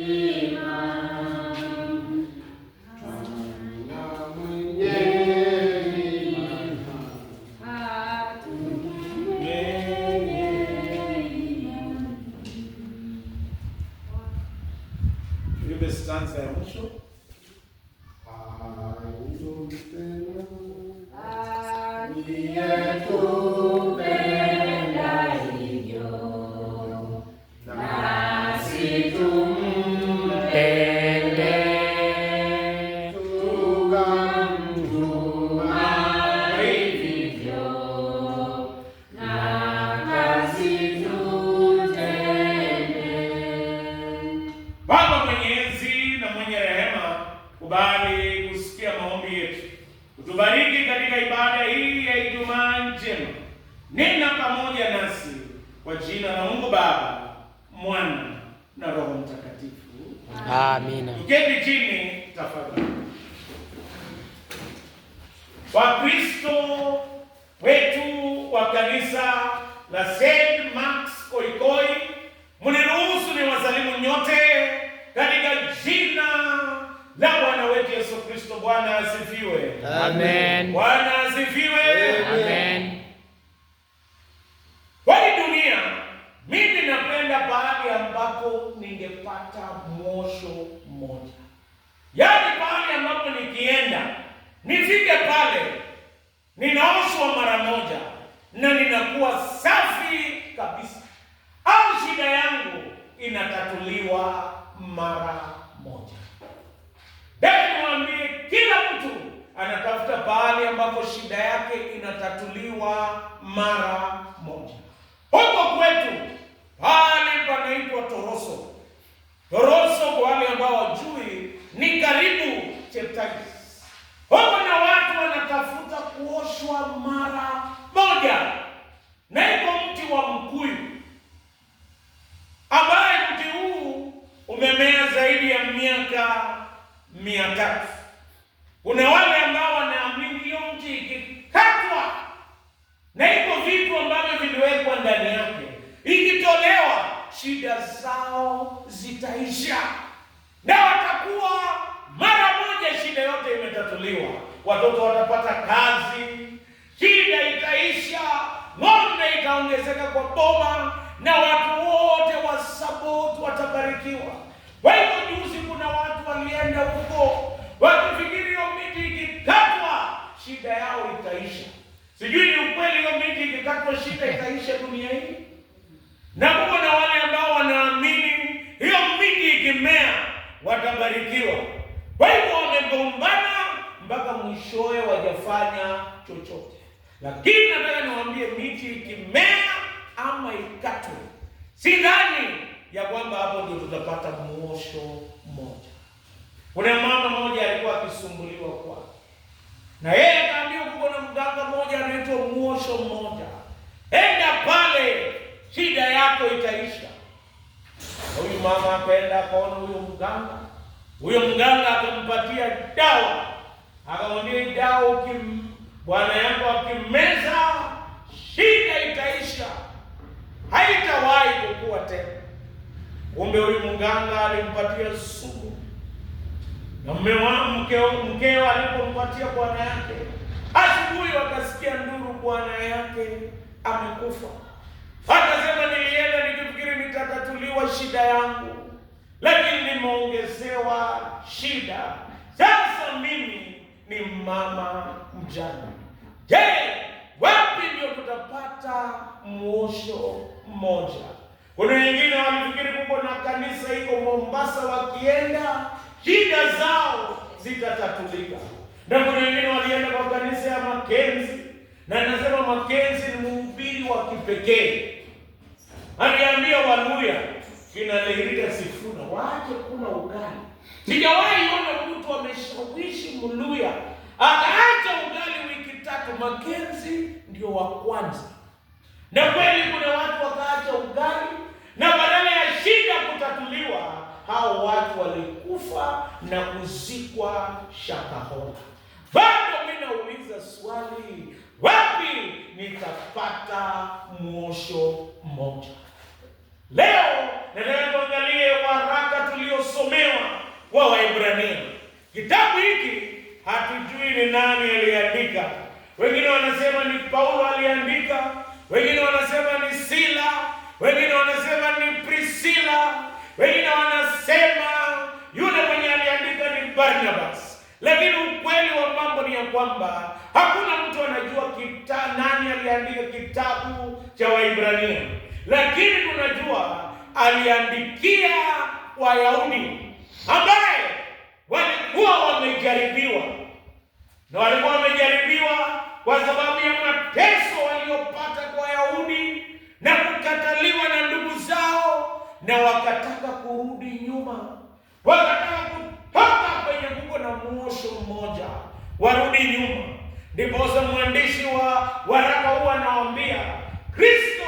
Amen. Yesu Kristo Bwana asifiwe. Amen. Bwana asifiwe. Amen. Kwa dunia, mimi napenda pahali ambapo ningepata mwosho mmoja, yaani pahali ambapo nikienda nifike pale ninaoshwa mara moja na ninakuwa safi kabisa, au shida yangu inatatuliwa mara Hebu kila mtu anatafuta pahali ambapo shida yake inatatuliwa mara moja. Huko kwetu watoto watapata kazi, shida itaisha, ng'ombe itaongezeka kwa boma, na watu wote wa Sabot watabarikiwa. Kwa hivyo, juzi kuna watu walienda huko wakifikiri hiyo miti ikikatwa shida yao itaisha. Sijui ni ukweli, hiyo miti ikikatwa shida itaisha dunia hii, na kuko na wale ambao wanaamini hiyo miti ikimea watabarikiwa. Kwa hivyo wamegombana mpaka mwishowe wajafanya chochote. Lakini nataka niwaambie, miti ikimea ama ikatwe, si dhani ya kwamba hapo ndio tutapata muosho mmoja. Kuna mama mmoja alikuwa akisumbuliwa kwa na yeye akaambiwa, kuko na mganga mmoja anaitwa muosho mmoja, enda pale, shida yako itaisha. Huyu mama akaenda akaona huyo mganga, huyo mganga akampatia dawa Akamwambia ukim bwana yangu akimeza shida itaisha, haitawahi kukua tena. Kumbe huyu mganga alimpatia sumu, na mkeo alipompatia bwana yake, asubuhi wakasikia nduru, bwana yake amekufa. Akasema, nilienda nikifikiri nitatatuliwa shida yangu, lakini nimeongezewa shida. Sasa mimi ni mama mjane. Je, wapi ndio tutapata mwosho mmoja? Kuna wengine wanafikiri kuko na kanisa iko Mombasa, wakienda shida zao zitatatulika, na kuna wengine walienda kwa kanisa ya Makenzi na nasema Makenzi ni mhubiri wa kipekee, aliambia Waluya kina Leirita Sifuna waache kula ugali. Sijawahi mshawishi Mluya akaacha ugali wiki tatu. Makenzi ndio wa kwanza, na kweli kuna watu wakaacha ugali, na badala ya shida kutatuliwa, hao watu walikufa na kuzikwa Shakahola. Bado mimi nauliza swali, wapi nitapata mwosho mmoja? Leo nataka tuangalie waraka tuliosomewa wa Waebrania Kitabu hiki hatujui ni nani aliandika. Wengine wanasema ni Paulo aliandika, wengine wanasema ni Sila, wengine wanasema ni Priscilla, wengine wanasema yule mwenye aliandika ni Barnabas. Lakini ukweli wa mambo ni ya kwamba hakuna mtu anajua kita, nani aliandika kitabu cha Waibrania, lakini tunajua aliandikia Wayahudi ambaye walikuwa wamejaribiwa, na walikuwa wamejaribiwa kwa sababu ya mateso waliopata kwa Wayahudi na kukataliwa na ndugu zao, na wakataka kurudi nyuma, wakataka kutoka kwenye nguko na mwosho mmoja, warudi nyuma. Ndiposa mwandishi wa waraka huu anawaambia Kristo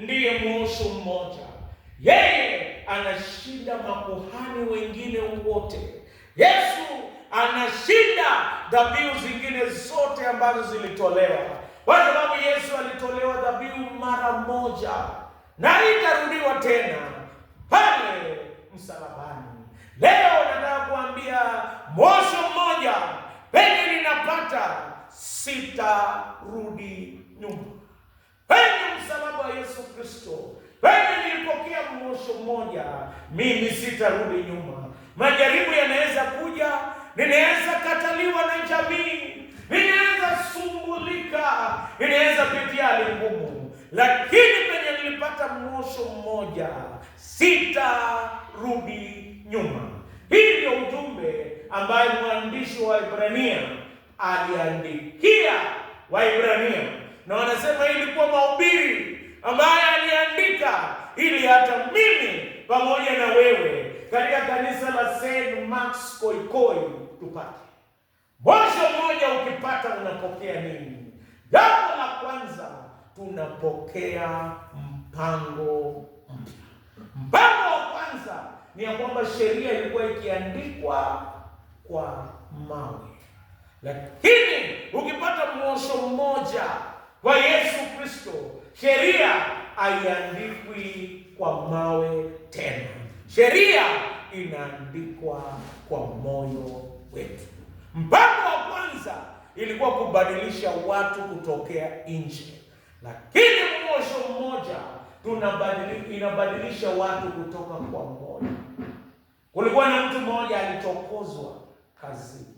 ndiye mwosho mmoja, yeye anashinda makuhani wengine wote. Yesu anashinda dhabihu zingine zote ambazo zilitolewa, kwa sababu Yesu alitolewa dhabihu mara moja na itarudiwa tena pale msalabani. Leo nataka kuambia mwosho mmoja penye ninapata, sitarudi nyuma penye msalaba wa Yesu Kristo penye nilipo mmoja, mimi sitarudi nyuma. Majaribu yanaweza kuja, ninaweza kataliwa na jamii, ninaweza sumbulika, ninaweza pitia hali ngumu, lakini penye nilipata mosho mmoja, sitarudi nyuma. Hii ndio ujumbe ambaye mwandishi wa Ibrania aliandikia Waibrania, na wanasema hii ilikuwa mahubiri ambaye aliandika ili hata mimi pamoja na wewe katika kanisa la St. Mark's Koikoi tupate. Mwanzo mmoja ukipata, unapokea nini? Jambo la kwanza tunapokea mpango mpya. Mpango wa kwanza ni ya kwamba sheria ilikuwa ikiandikwa kwa mawe, lakini ukipata mwosho mmoja kwa Yesu Kristo sheria haiandikwi kwa mawe tena. Sheria inaandikwa kwa moyo wetu. Mpango wa kwanza ilikuwa kubadilisha watu kutokea nje, lakini mwosho mmoja tunabadili, inabadilisha watu kutoka kwa moyo. Kulikuwa na mtu mmoja alichokozwa kazi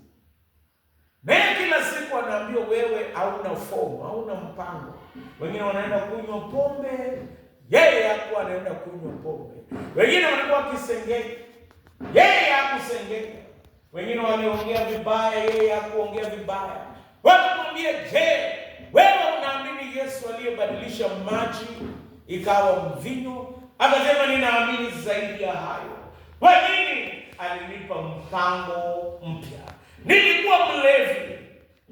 naye kila siku anaambiwa wewe hauna fomu, hauna mpango. Wengine wanaenda kunywa pombe, yeye hapo anaenda kunywa pombe. Wengine walikuwa wakisengenya, yeye hakusengenya. Wengine waliongea vibaya, yeye hakuongea vibaya. Wakamwambia, je, wewe unaamini Yesu aliyebadilisha maji ikawa mvinyo? Akasema, ninaamini zaidi ya hayo. Kwa nini? Alinipa mpango mpya Nilikuwa mlevi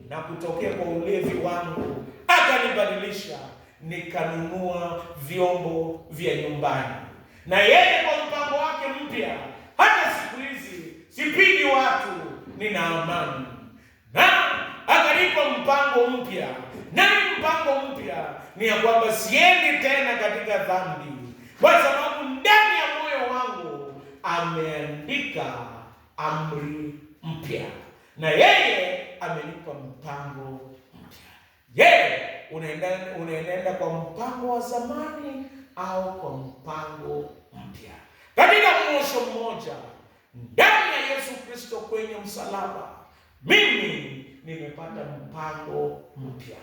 na kutokea kwa ulevi wangu akanibadilisha, nikanunua vyombo vya nyumbani, na yeye kwa mpango wake mpya, hata siku hizi sipigi watu, nina amani na akanipa mpango mpya. Nani mpango mpya? Ni ya kwamba siendi tena katika dhambi, kwa sababu ndani ya moyo wangu ameandika amri mpya na yeye amelipa mpango mpya. Yeye unaenda kwa mpango wa zamani au kwa mpango mpya. Katika mwisho mmoja ndani ya Yesu Kristo kwenye msalaba, mimi nimepata mpango mpya.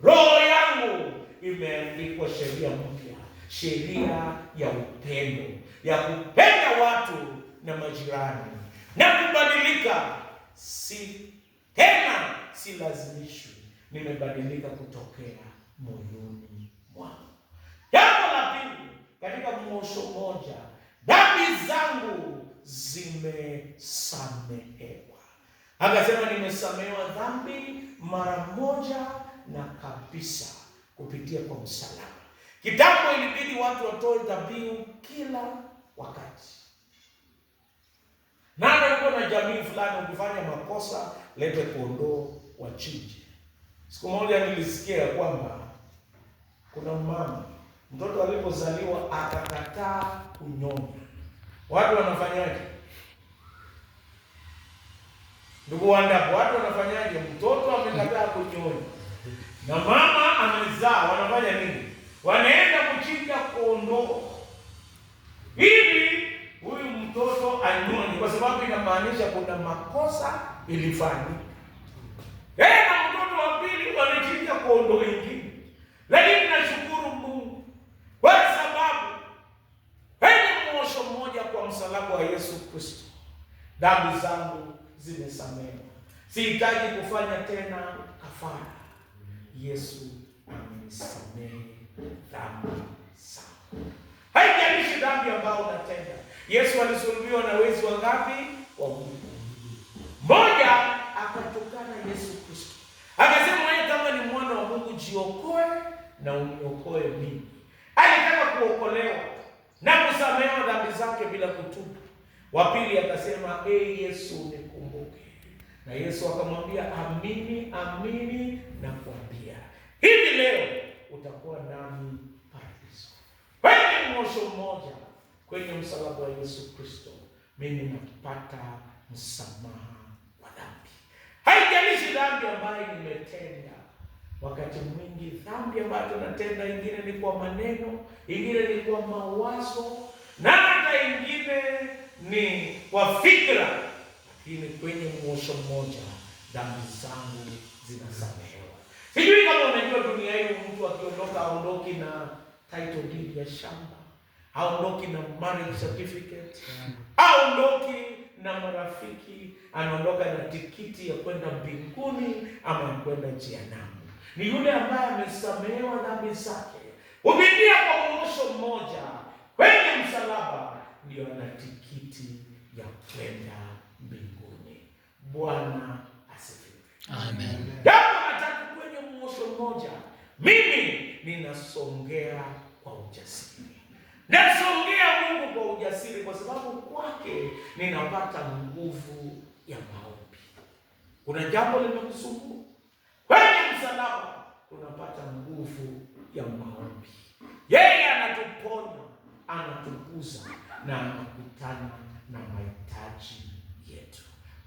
Roho yangu imeandikwa sheria mpya, sheria ya upendo, ya kupenda watu na majirani na kubadilika si tena silazimishwi, nimebadilika kutokea moyoni mwangu. Jambo la pili, katika mosho moja, dhambi zangu zimesamehewa. Akasema nimesamehewa dhambi mara moja na kabisa kupitia kwa msalaba. Kitambo ilibidi watu watoe dhabihu kila wakati nani alikuwa na jamii fulani, ukifanya makosa lete kondoo wachinje. Siku moja nilisikia kwamba kuna mama mtoto alipozaliwa akakataa kunyonya. Watu wanafanyaje? Ndugu wandapo, watu wanafanyaje? Mtoto amekataa kunyonya na mama amezaa, wanafanya nini? Wanaenda kuchinja kondoo hivi mtoto anyoni kwa sababu inamaanisha kuna makosa ilifanyika. Eh, na mtoto wa pili walikimbia kuondoa wengine, lakini nashukuru Mungu kwa sababu heni mosho mmoja kwa msalaba wa Yesu Kristo, dhambi zangu zimesamehewa, sihitaji kufanya tena kafara. Yesu amenisamehe dhambi zangu, haijalishi dhambi ambayo natenda Yesu alisulubiwa na wezi wangapi? Wawili. Mmoja akatukana Yesu Kristo, akasema wewe kama ni mwana wa Mungu jiokoe na uniokoe mimi. Alitaka kuokolewa na kusamehewa dhambi zake bila kutubu. Wa pili akasema hey, ee Yesu nikumbuke, na Yesu akamwambia amini, amini na kuambia hivi leo utakuwa nami paradiso. Wewe ni mosho mmoja kwenye msalaba wa Yesu Kristo, mimi napata msamaha wa dhambi. Haijalishi dhambi ambayo nimetenda. Wakati mwingi dhambi ambayo tunatenda, ingine ni kwa maneno, ingine ni kwa mawazo, na hata ingine ni kwa fikra, lakini kwenye mwosho mmoja dhambi zangu zinasamehewa. Sijui kama unajua, dunia hii mtu akiondoka aondoki na title deed ya shamba haondoki na marriage certificate, haondoki na marafiki, anaondoka na tikiti ya kwenda mbinguni ama kwenda jehanamu. Ni yule ambaye amesamehewa dhambi zake, kupitia kwa muosho mmoja kwenye msalaba, ndio ana tikiti ya kwenda mbinguni. Bwana asifiwe, amen. Jambo nataka kwenye muosho mmoja, mimi ninasongea kwa ujasiri Nasongea Mungu kwa ujasiri, kwa sababu kwake ninapata nguvu ya maombi. Kuna jambo limekusumbua kwenye msalaba, unapata nguvu ya maombi. Yeye anatuponya, anatukuza na anakutana na mahitaji yetu.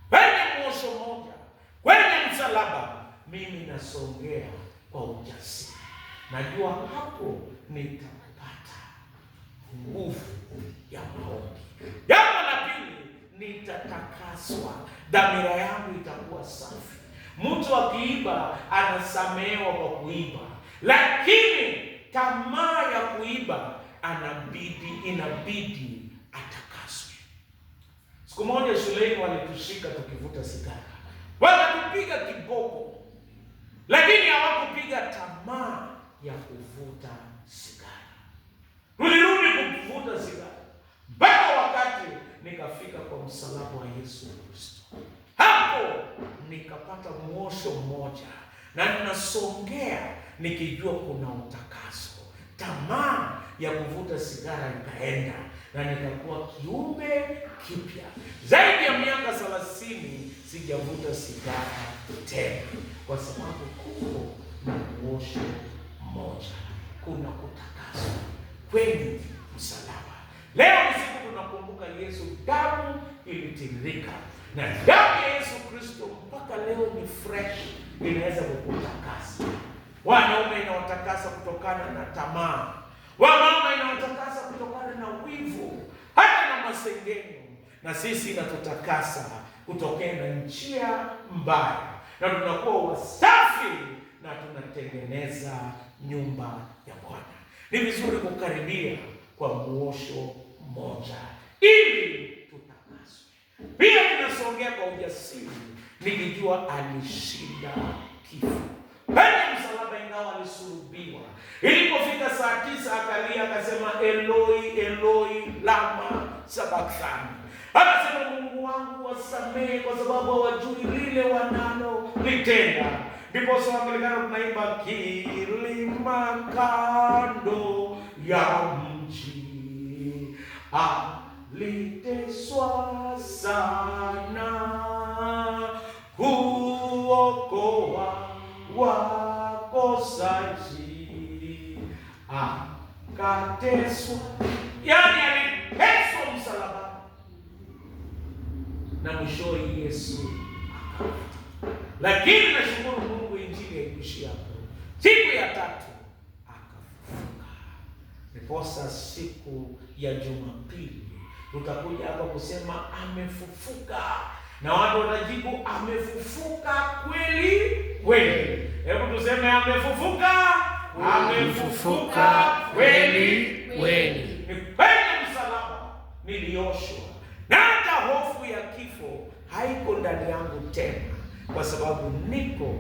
Kwenye mosho moja, kwenye msalaba, mimi nasongea kwa ujasiri, najua hapo nita nguvu ya maombi. Jambo la pili, nitatakaswa, dhamira yangu itakuwa safi. Mtu akiiba anasamehewa kwa kuiba, lakini tamaa ya kuiba anabidi, inabidi atakaswe. Siku moja shuleni walitushika tukivuta sigara, wakatupiga kiboko, lakini hawakupiga tamaa ya kuvuta sigara nilivuta sigara mpaka wakati nikafika kwa msalaba wa Yesu Kristo. Hapo nikapata mwosho mmoja, na ninasongea nikijua kuna utakaso. Tamaa ya kuvuta sigara ikaenda na nikakuwa kiumbe kipya. Zaidi ya miaka thelathini sijavuta sigara tena, kwa sababu kuko na mwosho mmoja, kuna kutakaso kweli msalaba. Leo ni siku tunakumbuka Yesu, damu ilitiririka na damu ya Yesu Kristo mpaka leo ni fresh, inaweza kukutakasa wanaume, inawatakasa kutokana na tamaa, wamama, inawatakasa kutokana na wivu, hata na masengenyo, na sisi inatutakasa kutokana na njia mbaya, na tunakuwa wasafi na tunatengeneza nyumba ya Bwana. Ni vizuri kukaribia kwa muosho mmoja ili tutakaswe. Pia tunasongea kwa ujasiri nikijua alishinda kifo pale msalaba, ingawa alisulubiwa. Ilipofika saa tisa akalia akasema, Eloi Eloi lama sabakthani, akasema Mungu wangu wasamehe, kwa sababu hawajui lile litenda. Ndipo Anglikana tunaimba kilima kando ya aliteswa sana kuokoa wakosaji, akateswa, yani aliteswa msalaba na mwisho Yesu akafa. Lakini nashukuru Mungu, injili haikuishia hapo. Siku ya tatu akafufuka, ndiposa siku ya Jumapili utakuja hapa kusema amefufuka, na watu watajibu amefufuka kweli kweli. Hebu tuseme amefufuka, amefufuka kweli kweli. Ni kwenye msalaba nilioshwa, na hata hofu ya kifo haiko ndani yangu tena, kwa sababu niko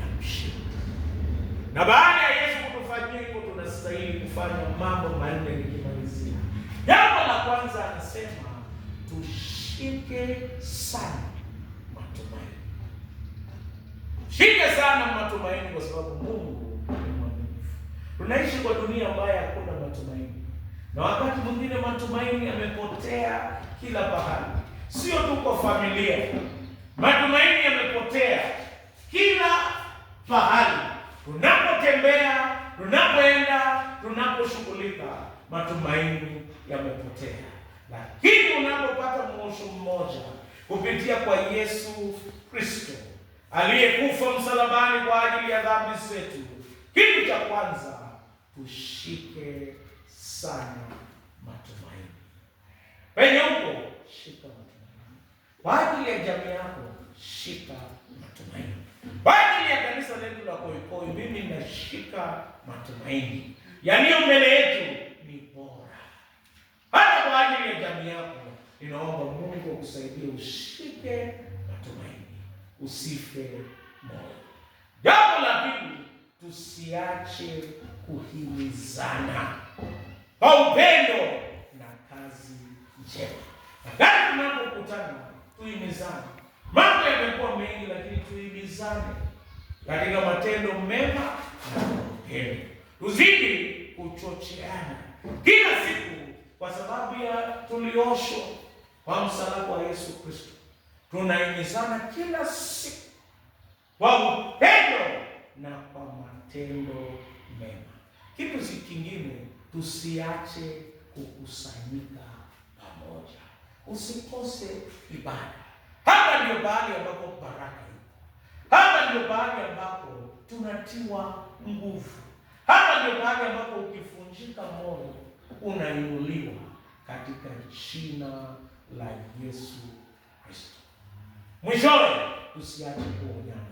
na mshindi. Na baada ya Yesu kutufanyia hivyo, tunastahili kufanya mambo manne nikimalizia Jambo la kwanza anasema tushike sana matumaini, shike sana matumaini, kwa sababu Mungu ni mwaminifu. Tunaishi kwa dunia ambayo hakuna matumaini, na wakati mwingine matumaini yamepotea kila pahali, sio tu kwa familia. Matumaini yamepotea kila pahali tunapotembea, tunapoenda unaposhughulika, matumaini yamepotea, lakini unapopata muosho mmoja kupitia kwa Yesu Kristo aliyekufa msalabani kwa ajili ya dhambi zetu, kitu cha kwanza tushike sana matumaini. Penye huko shika matumaini, kwa ajili ya jamii yako shika matumaini, kwa ajili ya kanisa letu la Koikoi mimi nashika matumaini yaliyo mbele yetu ni bora, hata kwa ajili ya jamii yako. Ninaomba Mungu akusaidie ushike matumaini, usife moyo. Jambo la pili, tusiache kuhimizana kwa upendo na kazi njema. Wakati tunapokutana tuhimizane. Mambo yamekuwa mengi, lakini tuhimizane katika matendo mema na upendo, tuzidi kuchocheana kila siku, kwa sababu ya tulioshwa kwa msalaba wa Yesu Kristo. Tunahimizana kila siku kwa upendo na kwa matendo mema. Kitu si kingine, tusiache kukusanyika pamoja, usikose ibada. Hapa ndio bahali ambapo baraka ipo, hapa ndio bahali ambapo tunatiwa nguvu hapa ndio mahali ambapo ukifunjika moyo unainuliwa katika jina la Yesu Kristo. Mwishowe, usiache kuonyana.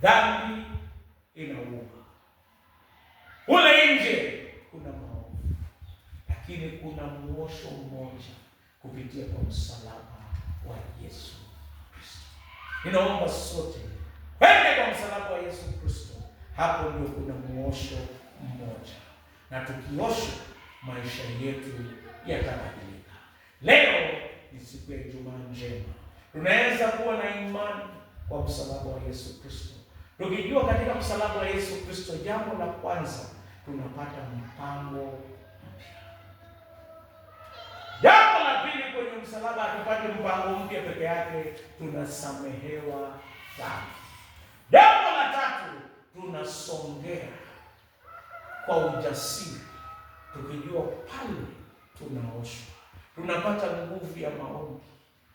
Dhambi inaua. Kule nje kuna maovu, lakini kuna mwosho mmoja kupitia kwa msalaba wa Yesu Kristo. Ninaomba sote twende kwa msalaba wa Yesu Kristo, hapo ndio kuna mwosho mmoja, na tukiosha maisha yetu yatabadilika. Leo ni siku ya Ijumaa njema, tunaweza kuwa na imani kwa msalaba wa Yesu Kristo, tukijua katika msalaba wa Yesu Kristo, jambo la kwanza tunapata mpango mpya. Jambo la pili, kwenye msalaba hatupati mpango mpya peke yake, tunasamehewa dhambi. Jambo la tatu, tunasongea kwa ujasiri, tukijua pale tunaoshwa, tunapata nguvu ya maombi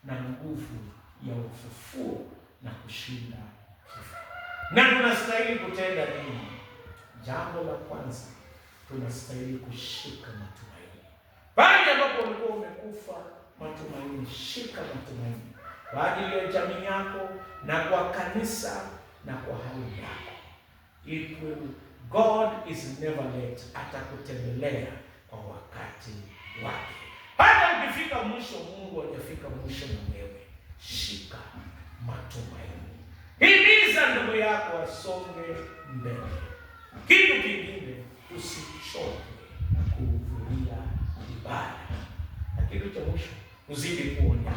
na nguvu ya ufufuo na kushinda kifo. Na tunastahili kutenda nini? Jambo la kwanza, tunastahili kushika matumaini. Pale ambapo ulikuwa umekufa matumaini, shika matumaini kwa ajili ya jamii yako na kwa kanisa na kwa hali yako ili God is never late, atakutembelea kwa wakati wake. Hata ukifika mwisho, Mungu hajafika mwisho na wewe. Shika matumaini, himiza ndugu yako asonge mbele. Kitu kingine, usichoke kuhudhuria ibada, na kitu cha mwisho, uzidi kuonya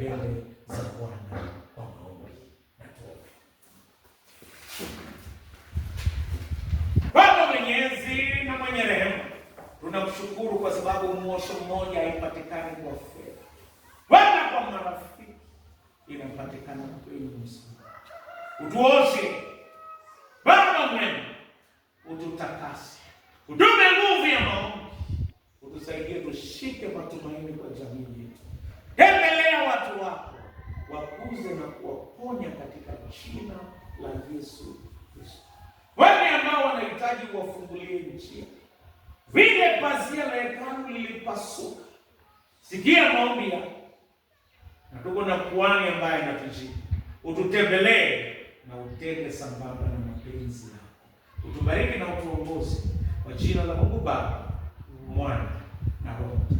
mbele za Bwana kwa maombi na tuombe. Baba Mwenyezi na mwenye rehema, tunakushukuru kwa sababu mwosho mmoja haipatikani kwa fedha wala kwa marafiki, inapatikana kwenu. Utuoshe Baba mwema, ututakase, utupe nguvu ya maombi, utusaidie tushike matumaini kwa jamii yetu watu wako, wakuze na kuwaponya katika jina la Yesu Kristo. Wale ambao wanahitaji uwafungulie njia, vile pazia la hekalu lilipasuka. Sikia maombi ya na tuko na kuhani ambaye anatujibu, ututembelee na utende sambamba na mapenzi yako, utubariki na utuongoze kwa jina la Mungu Baba, Mwana na Roho